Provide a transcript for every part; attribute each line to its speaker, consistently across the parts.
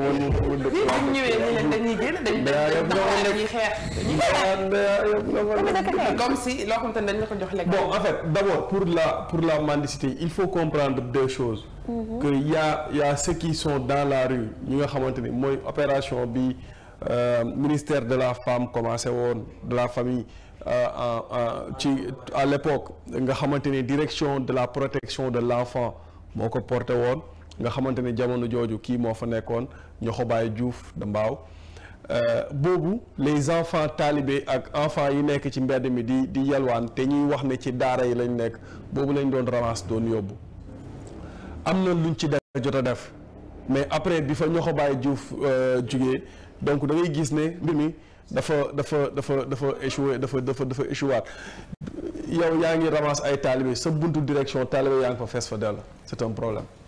Speaker 1: bon en fait d'abord pour la pour la mendicité il faut comprendre deux choses mhm. que il y a y a ceux qui sont dans la rue Nous avons maintenu. ni opération bi euh, ministère de la femme commencé de la famille euh, ci à l'époque nga avons direction de la protection de l'enfant mon comportement. nga xamante ni jamono jooju kii moo fa nekkoon Ñoxobaay Diouf de Mbaaw euh, boobu les enfants talibés ak enfants yi nekk ci mbedd mi di di yalwaan te ñuy wax ne ci daara yi lañ nekk boobu lañ doon ramas doon yóbbu am na luñ ci def jot a def mais après bi fa Ñoxobaay Diouf euh, jugee donc dangay gis ne mbir mi dafa dafa dafa dafa échoué dafa dafa dafa échouaat yow yaa ngi ramas ay talibé sa buntu direction talibé yaa ngi fa fees fa dell c'est un problème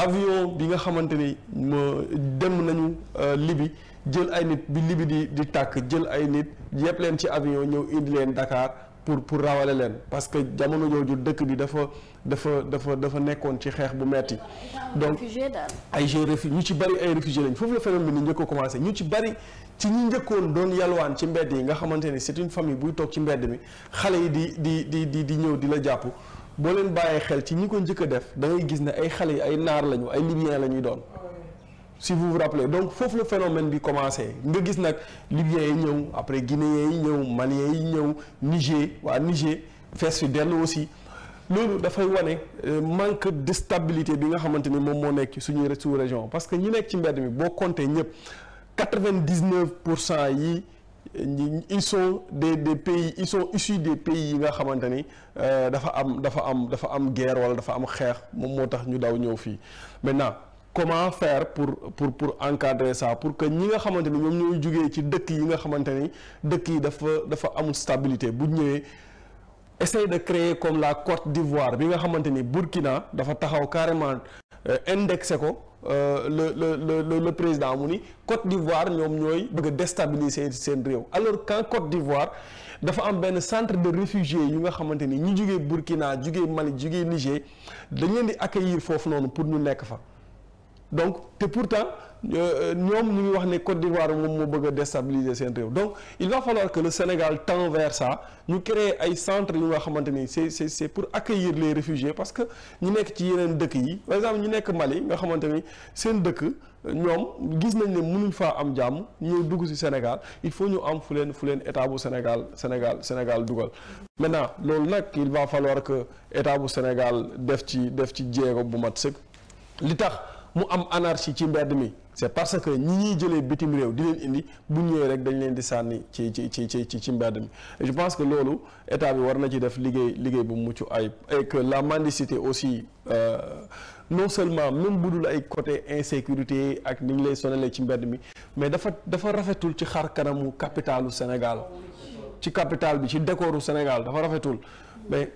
Speaker 1: avion bi nga xamante ni ma dem nañu euh, libi jël ay nit bi libi di di tàkk jël ay nit yëpp leen ci avion ñëw indi leen Dakar pour pour rawale leen parce que jamono jooju dëkk bi dafa dafa dafa dafa nekkoon ci xeex bu metti donc ay jeunes réfugiés ñu ci bari ay réfugiés lañ foofu la phénomène ni njëkk a commencé ñu ci bari ci ñi njëkkoon doon yalwaan ci mbedd yi nga xamante ni c'est une famille buy toog ci mbedd mi xale yi di di di di di ñëw di la jàpp bolen baye xel ci ñi ko njëkk def da ngay gis né ay xalé ay nar lañu ay libyen la doon si vous vous rappelez donc fofu le phénomène bi commencé nga gis nak libyens yi ñëw après guinéen yi ñëw malien yi ñëw Niger wa Niger fees fi delu aussi da fay wone euh, manque de stabilité bi nga xamante mom mo nekk suñu suñuy région parce que ñi nekk ci mbéd mi bo compté ñëpp 99% yi ils sont des des pays ils sont issus des pays nga xamante euh dafa am dafa am dafa am guerre wala dafa am xeex mom motax ñu daw ñëw fi maintenant comment faire pour pour pour encadrer ça pour que ñi nga xamante ñom ñoy ñooy ci dëkk yi nga xamante dëkk yi dafa dafa amul stabilité bu ñëwé essaye de créer comme la Côte d'Ivoire Vous nga xamante Burkina dafa taxaw carrément euh, indexé euh, le le le le président muni Côte d'Ivoire nous, ñooy bëgg déstabiliser alors quand Côte d'Ivoire dafa am un centre de réfugiés vous nga xamante ni du Burkina du Mali du Niger dañ leen di accueillir pour nous nekk donc et pourtant nous avons dit wax ne Côte d'Ivoire moom moo bëgg déstabiliser seen réew donc il va falloir que le Sénégal tend vers ça nous créer un centre, nous nga c'est c'est c'est pour accueillir les réfugiés parce que ñu nekk ci yeneen dëkk yi par exemple ñu nekk Mali nga xamante ni seen dëkk ñoom gis nañ ne mënuñ faa am jàmm ñëw dugg ci Sénégal il faut nous am fu leen fu au état Sénégal Sénégal Sénégal dugal maintenant il va falloir que état du Sénégal def ci def ci jéego bu mat mu am anarchie ci mbedd mi c'est parce que ñi ñi jëlé bitim réew di leen indi bu ñëwee rek dañ leen di sanni ci ci ci ci ci mbedd mi je pense que lolu état bi war na ci def liggéey liggéey bu muccu ay et que la mendicité aussi euh, non seulement même bu dul ay côté insécurité ak ni ñu lay sonalé ci mbedd mi mais dafa dafa rafetul ci xar kanamu capitalu Sénégal ci capital bi ci décoru Sénégal dafa rafetul mais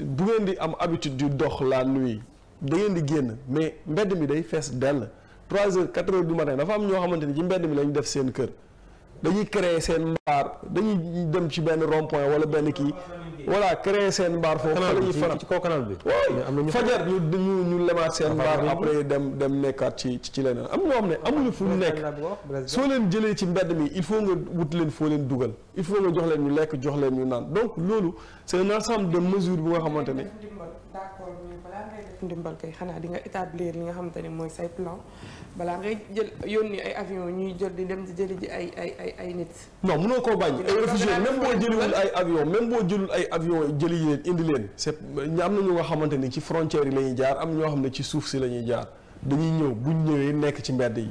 Speaker 1: bu ngeen di am habitude du dox la nuit da di guen mais mbedd mi day fess del 3h 4h du matin dafa am ño xamanteni ci mbedd mi lañ def sen kër dañuy créer sen bar dañuy dem ci ben rond point wala ben ki voilà créer sen bar fo fa la ñuy faral ci kaw canal bi waaw fajar ñu ñu ñu lemaat sen bar après dem dem nekkaat ci ci leneen am ñoo xam ne amuñu fu nekk so leen jëlé ci mbedd mi il faut nga wut leen fo leen duggal il faut nga jox leen ñu lek jox leen ñu nan donc lolu c'est un ensemble de mesures bu nga xamanteni d'accord ndimbal kay xanaa di nga établir li nga xamante ne mooy say plan balaa ngay jël yónni ay avion ñuy jël di dem di jëli ji ay ay ay ay nit. non mënoo koo bañ. ay réfugiés même boo jëliwul ay avion même boo jëlul ay avion jëli leen indi leen. c'est na ñu xamante ni ci frontière yi la ñuy jaar am ñoo xam ne ci suuf si la ñuy jaar dañuy ñëw buñ ñëwee nekk ci mbedd yi.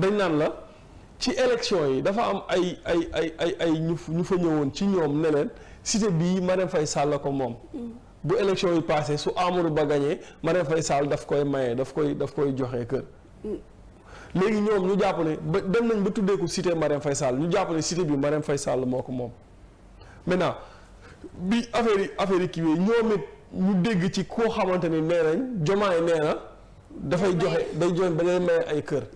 Speaker 1: dañ naan la ci élection yi dafa am ay ay ay ay ay ñu ñu fa ñëwoon ci ñoom ne leen cité bii Marème Faye Sall ko moom. Mm. bu élection yi passé su Amadou Ba gagné Marème Faye Sall daf koy maye daf koy daf koy joxe kër. Mm. léegi ñoom ñu jàpp ne ba dem nañ ba tuddee ko cité Marème Faye Sall ñu jàpp ne cité bi Marème fay sàll moo ko moom. maintenant bi affaire yi affaire yi kii ñoom it ñu dégg ci koo xamante ni nee nañ jomaay nee na. dafay joxe day joxe ba day maye ay kër.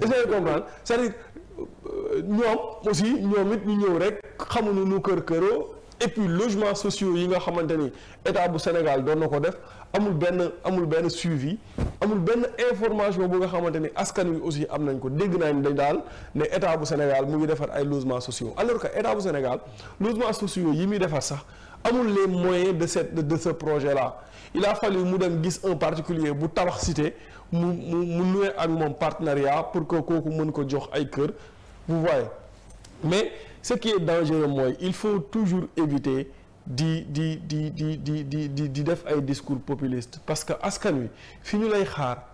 Speaker 1: est-ce que comprendre c'est-à-dire euh, ñoom aussi ñoom it ñu ñëw rek nous nu kër këroo et puis logement sociaux yi nga xamante ni état bu Sénégal doon na ko def amul benn amul benn suivi amul benn information bu nga xamante ni askan ce aussi am nañ ko dégg naa ne daal ne état bu Sénégal mu ngi defar ay logements sociaux alors que état bu Sénégal logements sociaux yi muy defar sax amul les moyens de cette de ce projet là il a fallu mu en un particulier bu tabax cité mu mu mu loué ak partenariat pour que kooku mën ko jox ay cœur. vous voyez mais ce qui est dangereux moi, il faut toujours éviter di di di di di di di di def ay discours populiste parce que askan wi fi ñu lay xaar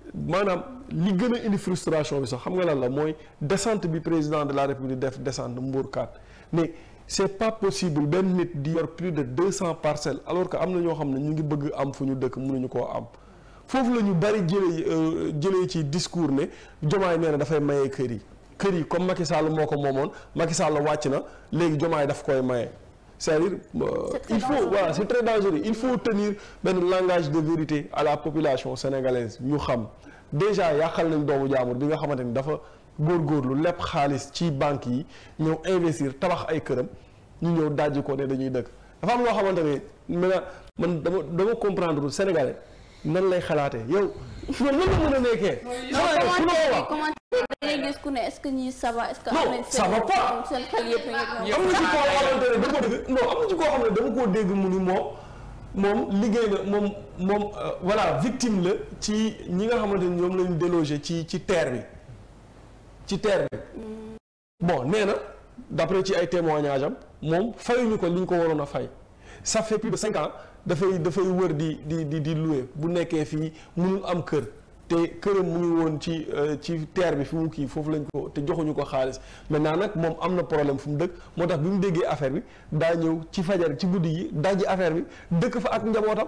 Speaker 1: maanaam li gën a indi bi sax xam nga lan la mooy descente bi président de la république def descente mbuurkaat mais c' est pas possible benn nit di yor plus de deux cent parcelle alors que am na ñoo xam ne ñu ngi bëgg am fu ñu dëkk mënuñu koo am foofu la ñu bëri jëlee euh, jëlee ci discours ne jomaay nee na dafay maye kër yi kër yi comme Macky Sall moo ko moomoon Macky Sall wàcc na léegi jomaay daf koy maye. C'est-à-dire, euh, il faut, c'est très dangereux. Il faut tenir le langage de vérité à la population sénégalaise. Nous savons. Déjà, il y a des gens qui que des investir tabax ay dañuy dëkk dafa sénégalais nan lay xalaatee yow. loolu lan la mën a nekkee. non gis ku est-ce que ñii ça va am na ci koo xamante ne dama dégg non am na ci koo xam ne dama koo dégg mu ni moom moom liggéey na moom moom euh, voilà victime la ci ñi nga xamante ni ñoom lañu délogé ci ci terre bi ci terre bi. Mm. bon nee na d'après ci ay a ñaajam moom fayuñu ko li ñu ko waroon a fay. ça fait ba de dafay dafay wër di di di di louer bu nekkee fii mënul am kër te këram mu ngi woon ci euh, ci bi fi mu kii foofu lañ ko te joxuñu ko xaalis maintenant nag moom am na problème fu mu dëkk moo tax bi mu déggee affaire bi daa ñëw ci fajar ci guddi yi dajji affaire bi dëkk fa ak njabootam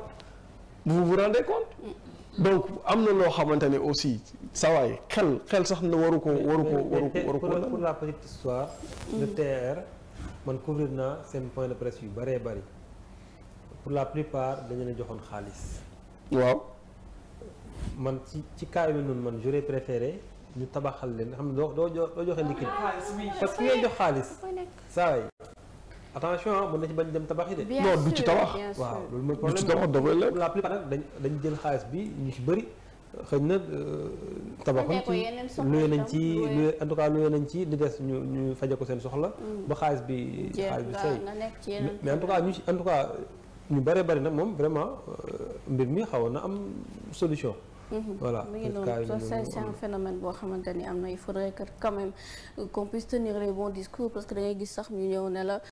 Speaker 1: vous vous rendez compte donc am na loo xamante ne aussi sawaay xel xel sax na waru ko waru ko waru ko waru ko pour la petite histoire le TR man couvrir naa seen point de yu bëree bëri pour la plupart dañu la joxoon xaalis. waaw. man ci ci cas yu noonu man j'aurais préféré ñu tabaxal leen xam ne doo doo doo joxe liquide. parce que ngay jox xaalis. saa attention mën na ci bañ dem tabax yi de. non du ci tabax. waaw loolu ma problème du ci tabax dafay lekk. dañ dañ jël xaalis bi ñu ci bëri xëy na euh, tabaxuñ ci luye nañ ci luye en tout cas luye nañ ci di des ñu ñu faje ko seen soxla. Mm. bu xaalis bi. xaalis bi sëy mais en tout cas. ñu bare bari nag moom vraiment euh, mbir mi xawoon na am solution. Mhm. voilà mu ngi noonu c'est un phénomène boo xamante ni am na il faudrait que quand même euh, qu'on puisse tenir les bons discours parce que da ngay gis sax ñu ñëw ne la.